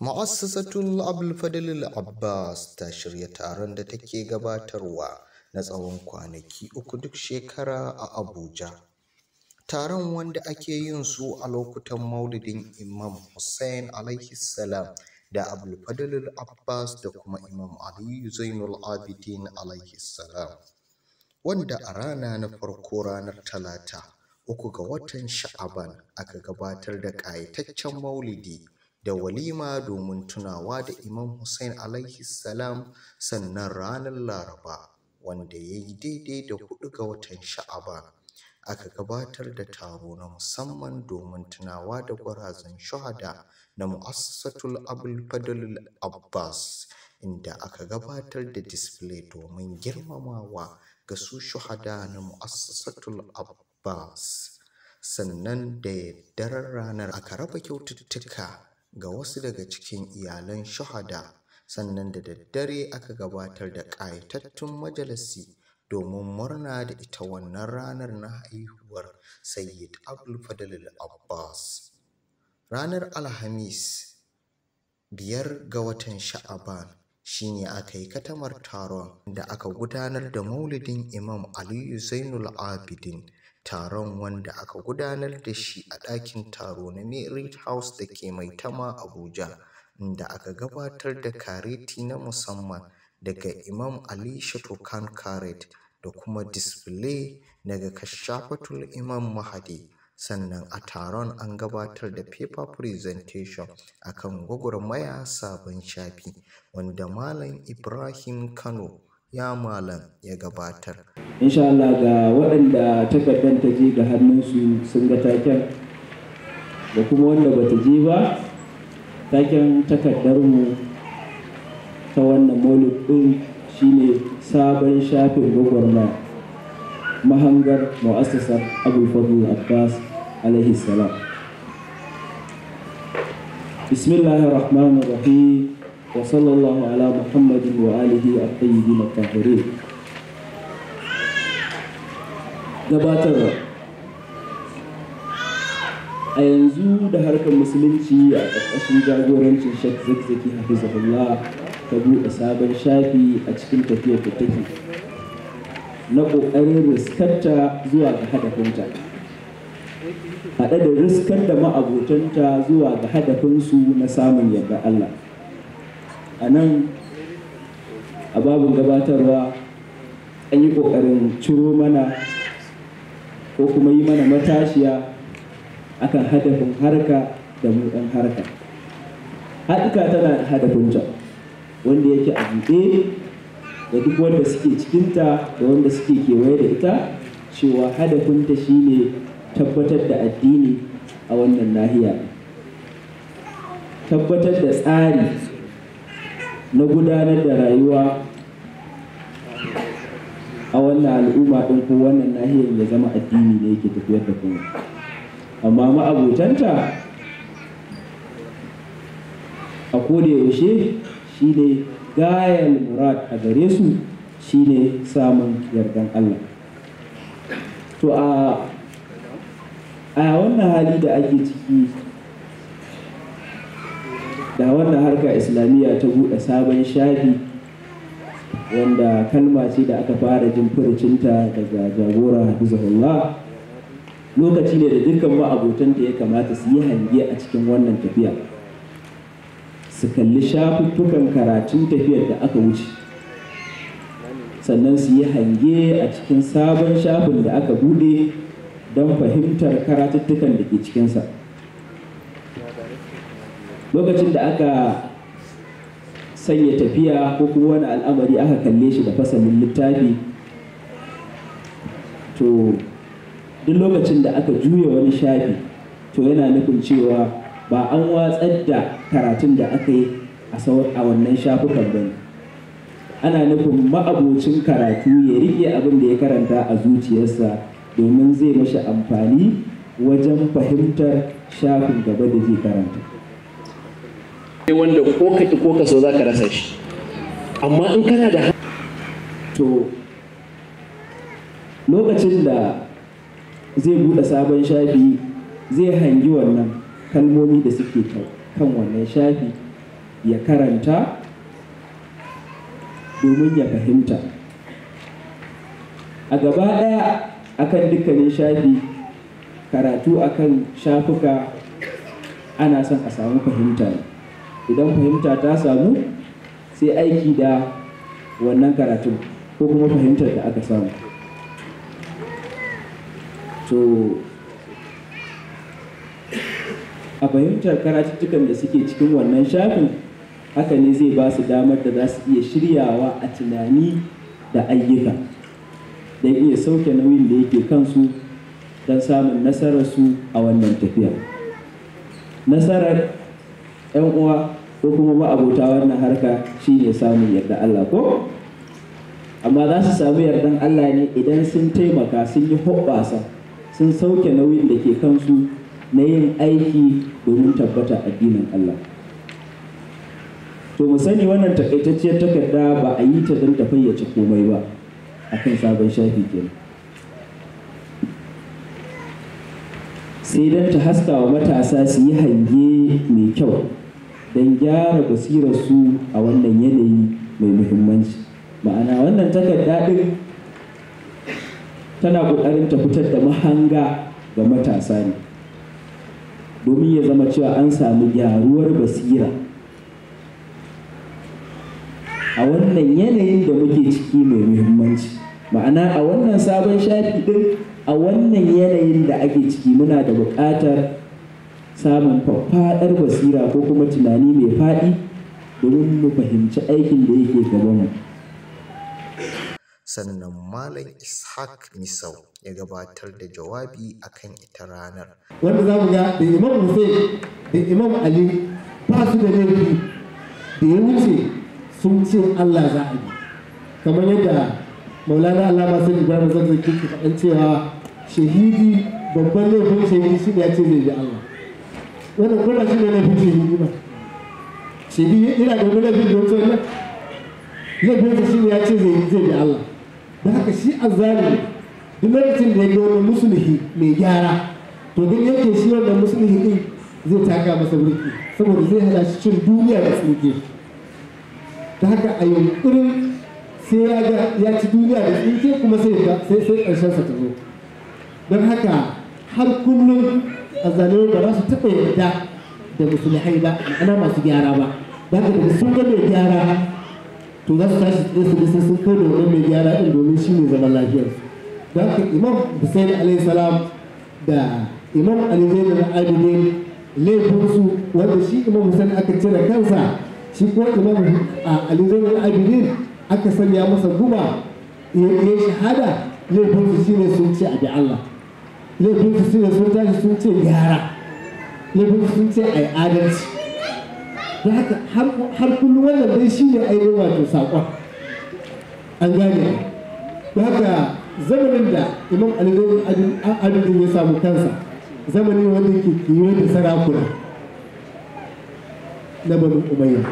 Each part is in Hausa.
Ma'assasatul Abdul Fadil Abbas ta shirya taron da take gabatarwa na tsawon kwanaki uku duk shekara a Abuja. Taron wanda ake yin su a lokutan maulidin Imam Hussein alaihi salam da Abdul Fadil Abbas da kuma Imam Aliyu Zainul Abidin alaihi salam. wanda a rana na farko ranar talata uku ga watan sha'aban aka gabatar da ƙayataccen maulidi da walima domin tunawa da imam hussein alaihi salam sannan ranar laraba wanda ya yi daidai da hudu ga watan sha'aban aka gabatar da taro na musamman domin tunawa da gwarazan shuhada na mu'assasatul abul fadlul abbas inda aka gabatar da display domin girmamawa ga su shuhada na mu'assasatul Abbas. Sannan da daren ranar aka raba kyaututtuka ga wasu daga cikin iyalan shuhada sannan da daddare aka gabatar da ƙayatattun majalisi domin murna da ita wannan ranar na haihuwar Sayyid Abdul Abbas. Ranar Alhamis biyar ga watan Sha'aban shine aka yi katamar taron da aka gudanar da maulidin Imam Aliyu Zainul Abidin. Taron wanda aka gudanar da shi a ɗakin taro na Merit House da ke Maitama Abuja, inda aka gabatar da kareti na musamman daga Imam Ali Shatokan Karet da kuma display daga Kashafatul Imam Mahadi. sannan a taron an gabatar da paper presentation akan gwagwarmaya sabon shafi wanda malam ibrahim kano ya malam ya gabatar insha Allah ga waɗanda takardar ta je ga hannunsu sun ga taken da kuma wanda ba ta je ba taken takardarmu ta wannan maulid ɗin shine sabon shafin gwagwarmaya mahangar mu'assasar abulfadul abbas alaihi salam bismillahir rahmanir rahim wa sallallahu ala muhammadin wa alihi at-tayyibin at gabatarwa a yanzu da harkar musulunci a ƙarƙashin jagorancin shek zakzaki hafizahullah ta buɗe sabon shafi a cikin tafiyar da take na ƙoƙarin riskarta zuwa ga hadafinta haɗe da riskar da ma'abotanta zuwa ga hadafinsu na samun yadda Allah a nan a babin gabatarwa an yi ƙoƙarin ciro mana ko kuma yi mana matashiya akan hadafin harka da mu harka haɗuka tana da hadafinta wanda yake a buɗe da duk wanda suke cikinta da wanda suke kewaye da ita cewa hadafinta shine tabbatar da addini a wannan nahiya tabbatar da tsari na gudanar da rayuwa a wannan al'umma ɗin ko wannan nahiyar ya zama addini ne yake tafiyar da kuma amma ma'abutanta a koda yaushe shi ne gayan murad a gare su shi ne samun yardan Allah to a a wannan hali da ake ciki da wannan harka islamiyya ta bude sabon shafi wanda kalma ce da aka fara jin furucinta daga jagora hafizahullah lokaci ne da dukkan ma'abotanta ya kamata su yi hange a cikin wannan tafiya su kalli shafuffukan karatun tafiyar da aka wuce sannan su yi hange a cikin sabon shafin da aka bude. don fahimtar karatuttukan da ke cikinsa lokacin da aka sanya tafiya ko kuma wani al'amari aka kalle shi da fasalin littafi to duk lokacin da aka juya wani shafi to yana nufin cewa ba an watsar da karatun da aka yi a wannan shafukan ba ana nufin ma'abocin karatu ya rike abin da ya karanta a zuciyarsa domin zai mashi amfani wajen fahimtar shafin gaba da zai karanta wanda ko ka ko ka so za ka rasa shi amma in kana da to lokacin da zai buɗe sabon shafi zai hangi wannan kalmomi da suke kan wannan shafi ya karanta domin ya fahimta a gaba ɗaya akan dukkanin shafi karatu akan shafuka ana son a samu fahimta idan fahimta ta samu sai aiki da wannan karatun ko kuma fahimtar da aka samu to a fahimtar karatuttukan da suke cikin wannan shafin haka ne zai ba su damar da za su iya shiryawa a tunani da ayyuka don iya sauke nauyin da yake kansu don samun nasarar su a wannan tafiya nasarar 'yan uwa ko kuma ma'abota wannan harka shi ne samun yarda Allah ko amma za su samu yardan Allah ne idan sun taimaka sun yi hoɓasa, sun sauke nauyin da ke kansu na yin aiki domin tabbata addinin Allah to mu sani wannan takaitacciyar takarda ba a yi ta don ta fayyace komai ba akan sabon shafi kenan sai don ta haska wa matasa su yi hange mai kyau don gyara basirarsu a wannan yanayi mai muhimmanci ma'ana wannan takarda ɗin tana ƙoƙarin ta fitar da mahanga ga matasa ne domin ya zama cewa an sami gyaruwar basira a wannan yanayin da muke ciki mai muhimmanci ma'ana a wannan sabon shafi din a wannan yanayin da ake ciki muna da buƙatar samun faɗar basira ko kuma tunani mai faɗi domin mu fahimci aikin da yake gaba mu sannan malam ishaq misau ya gabatar da jawabi akan ita ranar wanda za mu ga da imam hussein da imam ali ba su da laifi da ya wuce sun ce allah za a yi kamar yadda maulana alama sun ibrahim zai ke an cewa shahidi babban laifin shahidi shi ne ya ce zai bi allah wannan gwada shi ne laifin shahidi ba shahidi yana da wani laifin don tsohon nan laifin sa shi ne ya ce zai zai bi allah da haka shi a duk lokacin da ya ga wani mai gyara to duk yake shi wanda musulmi din zai taka masa wurki saboda zai hada shi cin duniya da tsinke ta haka a yunkurin sai ya ga ya ci duniya da tsinke kuma sai ga sai sai ƙarshen sa ta zo don haka har kullum a zanen da ba su taɓa yarda da musulmai ba ana masu gyara ba da haka da sun ga mai gyara to za su tashi tsaye su sai sun kai da wannan mai gyara ɗin domin shi ne zaman lafiyar da haka imam Hussein alayhi salam da imam Ali Zainal Abidin laifinsu wanda shi imam Hussein aka cire kansa shi ko imam Ali Zainal Abidin aka sanya masa guba ya shahada laifinsu shine sun ce a bi Allah laifinsu shine sun tashi sun ce gyara laifinsu sun ce a yi adalci da haka har kullum wannan dai shi ne ainihin wato saƙon an gane da haka zamanin da imam alidin adadin ya samu kansa zamanin wanda ke kiwo da sarakuna na banu umayya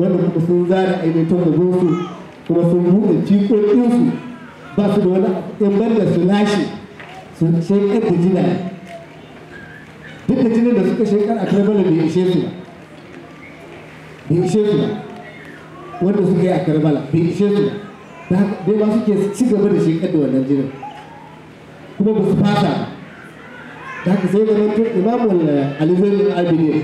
wanda kuma sun zara ainihin tun da kuma sun buɗe jikokinsu ba su da wani in da su lashe su shekar da jina duk da jinin da suka shekar a karbala bai ishe su ba bai ishe su ba wanda suka yi a karbala bai ishe su ba dai ba suke ci gaba da shekar da wannan jinin kuma ba su fata da haka sai ganin tun imamul alizar albinir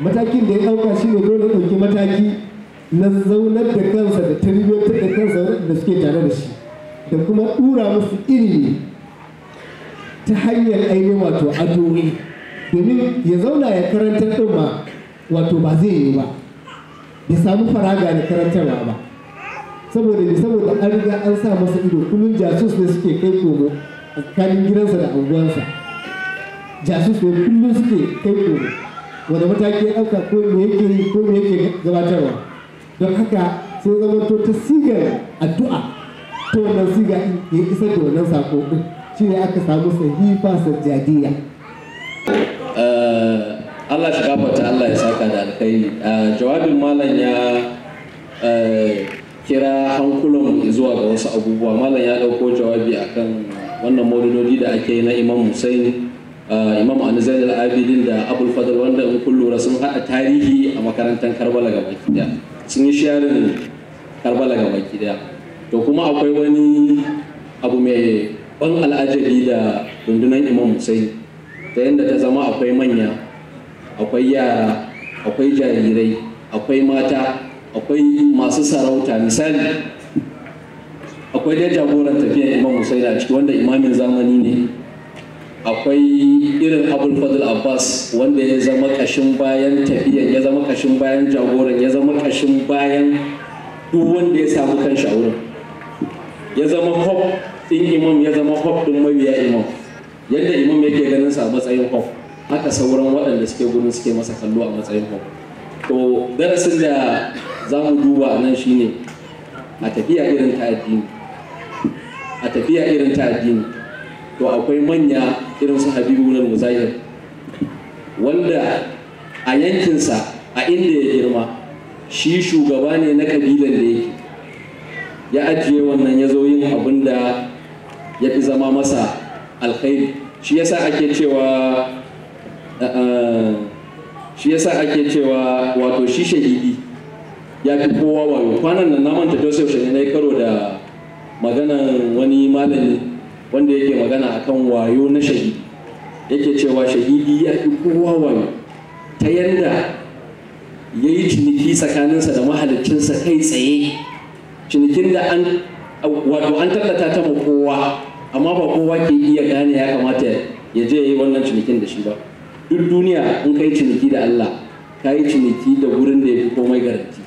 matakin da ya ɗauka shi ne dole ɗauki mataki na zaunar da kansa da tarbiyyantar da kansa da suke tare da shi da kuma ɗura musu ilimi ta hanyar ainihin wato addu'o'i domin ya zauna ya karanta ɗin ba wato ba zai yi ba ya samu faraga da karantarwa ba saboda ne saboda an riga an sa masa ido kullum jasus ne suke kai komo a tsakanin gidansa da unguwansa jasus ne kullum suke kai komo wanda mataki ya ɗauka ko me yake yi ko me yake gabatarwa don haka sai to ta sigar addu'a to wannan siga ya isa da wannan sako din shi ne aka samu sahifa sajjadiyya eh, Allah shi gafarta Allah ya saka da alkhairi eh, jawabin malam ya eh, kira hankulan zuwa ga wasu abubuwa malam ya dauko jawabi akan wannan maulidodi da ake yi na imam Hussein imam anzal al-abidin da abul fadl wanda in kullu lura sun haɗa tarihi a makarantar karbala gaba ɗaya sun yi sharing karbala ga baki daya to kuma akwai wani abu mai ban al'ajabi da rundunar imam sai ta yadda ta zama akwai manya akwai yara akwai jarirai akwai mata akwai masu sarauta misali akwai dai jagoran tafiya imam Hussein a ciki wanda imamin zamani ne akwai irin abul fadl abbas wanda ya zama kashin bayan tafiyan ya zama kashin bayan jagoran ya zama kashin bayan duk wanda ya samu kan a wurin ya zama hop din imam ya zama hop din mabiya imam yadda imam yake ganin sa a matsayin hop haka sauran waɗanda suke gurin suke masa kallo a matsayin hop to darasin da za mu duba nan shine a tafiya irin ta addini a tafiya irin ta addini to akwai manya irin su habibu ibn muzahir wanda a yankinsa a inda ya girma shi shugaba ne na kabilan da yake ya ajiye wannan ya zo yin abin da ya fi zama masa alkhairi shi yasa ake cewa shi yasa ake cewa wato shi shahidi ya fi kowa wayo kwanan nan na manta joseph na yi karo da maganan wani malami wanda yake magana akan wayo na shahidi yake cewa shahidi ya fi kowa wayo ta yadda ya yi ciniki tsakaninsa da mahalicinsa kai tsaye cinikin da an wato an tallata ta ma kowa amma ba kowa ke iya gane ya kamata ya je ya yi wannan cinikin da shi ba duk duniya in kai ciniki da Allah ka yi ciniki da wurin da ya fi komai garanti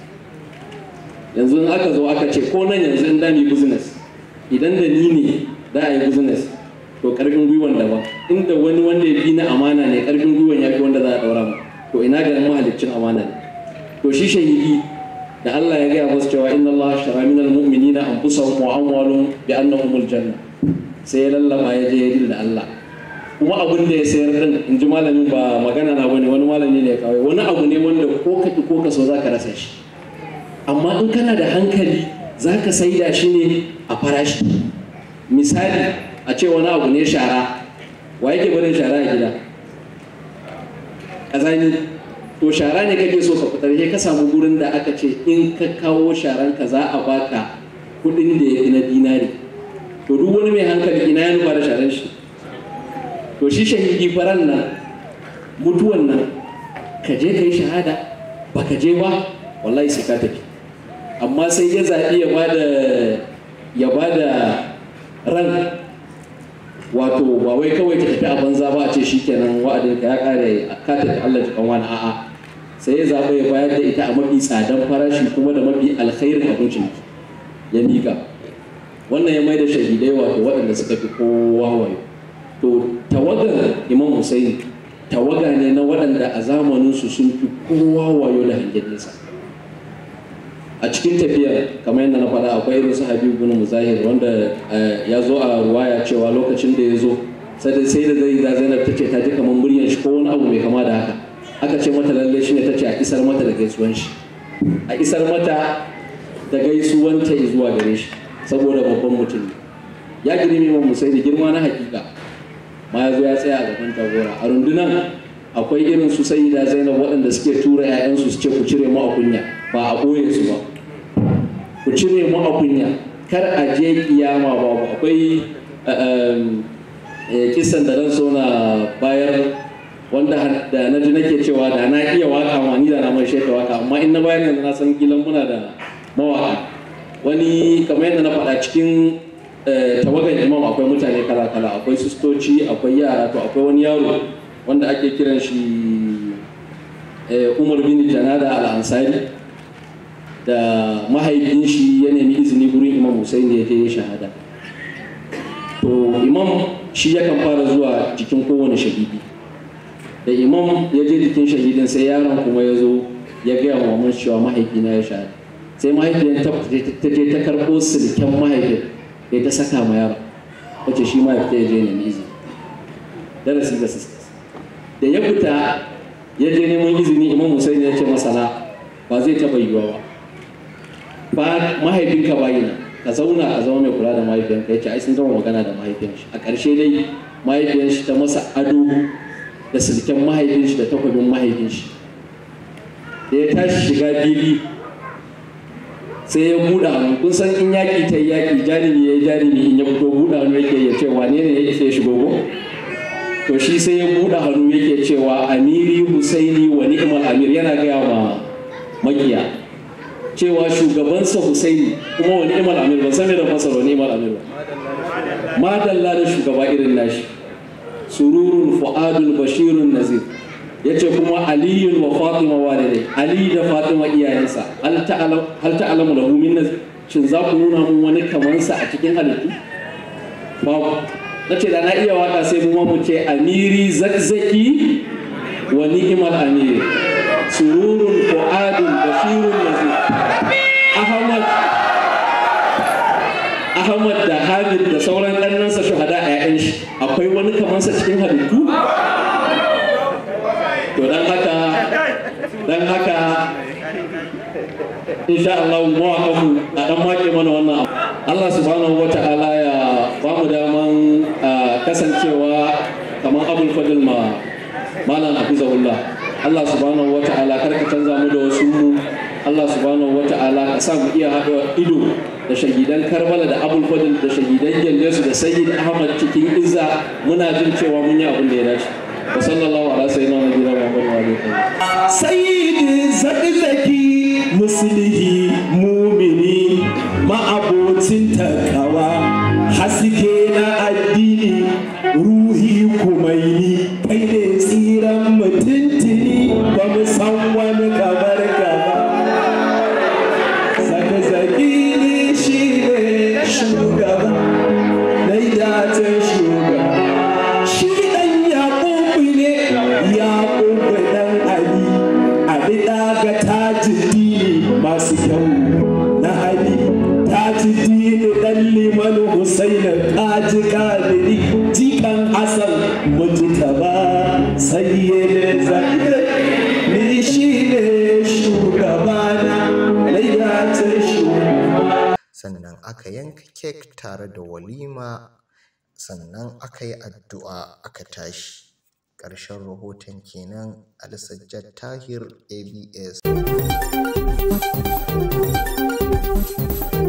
yanzu in aka zo aka ce ko nan yanzu in dami business idan da ni ne za a yi business to karfin gwiwan daban inda wani wanda ya fi na amana ne karfin gwiwan ya fi wanda za a daura mu to ina ga mahaliccin amana ne to shi shahidi da Allah ya gaya musu cewa inna Allah shara min almu'minina anfusahum wa amwalahum bi annahumul janna sai ya lallaba ya je da Allah kuma abin da ya sayar din in ji malamin ba magana na bane wani malami ne ya kawo wani abu ne wanda ko ka ko ka so zaka rasa shi amma in kana da hankali zaka saida shi ne a farashi misali a ce wani abu ne shara wa yake barin shara a gida kazani to shara ne kake so ka fitar ka samu gurin da aka ce in ka kawo sharan ka za a baka kudin da ya fi na dinari to duk wani mai hankali ina ya nufa da sharan shi to shi shahidi faran nan mutuwan nan ka je ka yi shahada ba ka je ba wallahi sai ka tafi amma sai ya zaɓi ya ba ya bada ran wato ba wai kawai ta tafi a banza ba a ce kenan wa'adin ka ya kare a katar da Allah jikan wani a'a sai ya zaɓa ya bayar da ita a mafi tsadan farashi kuma da mafi alkhairin abincin ya miƙa wannan ya mai da shahidai wato waɗanda suka fi kowa wayo to tawagar imam husaini tawaga ne na waɗanda a zamaninsu sun fi kowa wayo da hangen nesa a cikin tafiya kamar yadda na faɗa akwai irin su habibu na muzahir wanda eh, ya zo a ruwaya cewa lokacin da ya zo sai sai da zai da zainab ta ce ta ji kamar muryan shi ko wani abu mai kama da haka aka ce mata lalle shi ne ta ce a isar mata da gaisuwan shi a isar mata da gaisuwan ta zuwa gare shi saboda babban mutum ya gini mai mamu sai da girma na hakika ma ya zo ya tsaya a gaban tagora a rundunan akwai irin su sai da zainab waɗanda suke tura 'ya'yansu su ce ku cire mu a kunya ba a ɓoye su ba ku cire mu a kunya kar a je kiyama babu akwai eh, eh, kisan da ran so na bayar wanda da na ji nake cewa da na iya waka ma ni da na mai sheka waka amma in na bayar yanzu na san kilan muna da mawaka wani kamar yadda na faɗa cikin eh, tawagar imam akwai mutane kala kala akwai sistoci akwai yara to akwai wani yaro wanda ake kiran shi umar bin janada al-ansari da mahaifin shi ya nemi izini gurin imam Hussein da ya je shahada to imam shi yakan fara zuwa jikin kowane shahidi da imam ya je jikin shahidin sai yaron kuma ya zo ya gaya wa mamman cewa mahaifina ya shahada sai mahaifin ta je ta karɓo silken mahaifin ya ta saka ma yaron wacce shi mahaifin ya je nemi izini darasi ga sisters da ya fita ya je neman izini imam Hussein ya ce masana ba zai taɓa yiwuwa ba ba mahaifinka ba yana ka zauna a zama mai kula da mahaifinka ya ce ai sun zama magana da mahaifiyan shi a ƙarshe dai mahaifiyan shi ta masa ado da silken mahaifin shi da takwabin mahaifin shi da ya tashi shiga bibi sai ya buɗa hannu kun san in yaƙi ta yi yaƙi jarumi ya yi jarumi in ya fito buɗa hannu yake ya ce wane ne ya ke shigo ko to shi sai ya buɗa hannu yake cewa amiri husaini wa ni'mal amir yana gaya ma makiya cewa sa Husaini kuma wani imar Amir ban san da fasara wani imar Amir ba madalla da shugaba irin nashi sururun fu'adul bashirun nazir yace kuma Aliyu wa fatima walidai ali da fatima iyayensa hal ta'lamu lahu min nazir shin za ku nuna mun wani kamansa a cikin halittu babu nace da na iya waka sai mu mu ce amiri zakzaki wa ni'mal amir sururun fu'adul bashirun Muhammad da Hamid da sauran ɗannansa shahada a yayin shi akwai wani kamansa cikin halittu? To dan haka, dan haka, insha Allah mu a ɗan wake mana wannan abu. Allah subhanahu wa ta'ala ya ba mu daman kasancewa kamar abul fadil ma malam hafizahullah. Allah subhanahu wa ta'ala karka canza mu da wasu mu Allah subhanahu wa ta'ala ka sa mu iya haɗa ido da shahidan Karbala da Abul Fadl da shahidan Gellesu da Sayyid Ahmad cikin izza muna jin cewa mun yi abin da ya dace wa sallallahu ala sayyidina nabiyina Muhammad wa alihi sayyid zakzaki muslihi mu'min liman husaina kaji kadiri jikan ba, mujtaba sayyid zakir ni shine shugabana layyacin shugaba sannan aka yanka kek tare da walima sannan aka yi addu'a aka tashi ƙarshen rahoton kenan alisajjad tahir abs